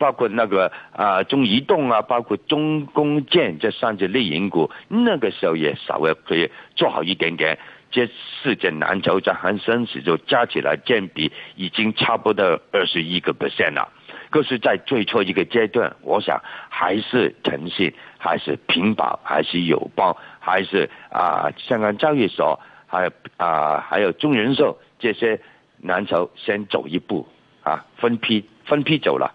包括那個啊、呃，中移動啊，包括中工建這三隻類銀股，那個時候也稍微可以做好一點點，這四件藍籌在恆生指數就加起來占比已經差不多二十一個 percent 了，可是，在最初一個階段，我想還是騰訊，還是平保，還是友邦，還是啊，香港交易所，還有啊、呃，還有中人壽這些藍籌先走一步啊，分批分批走了。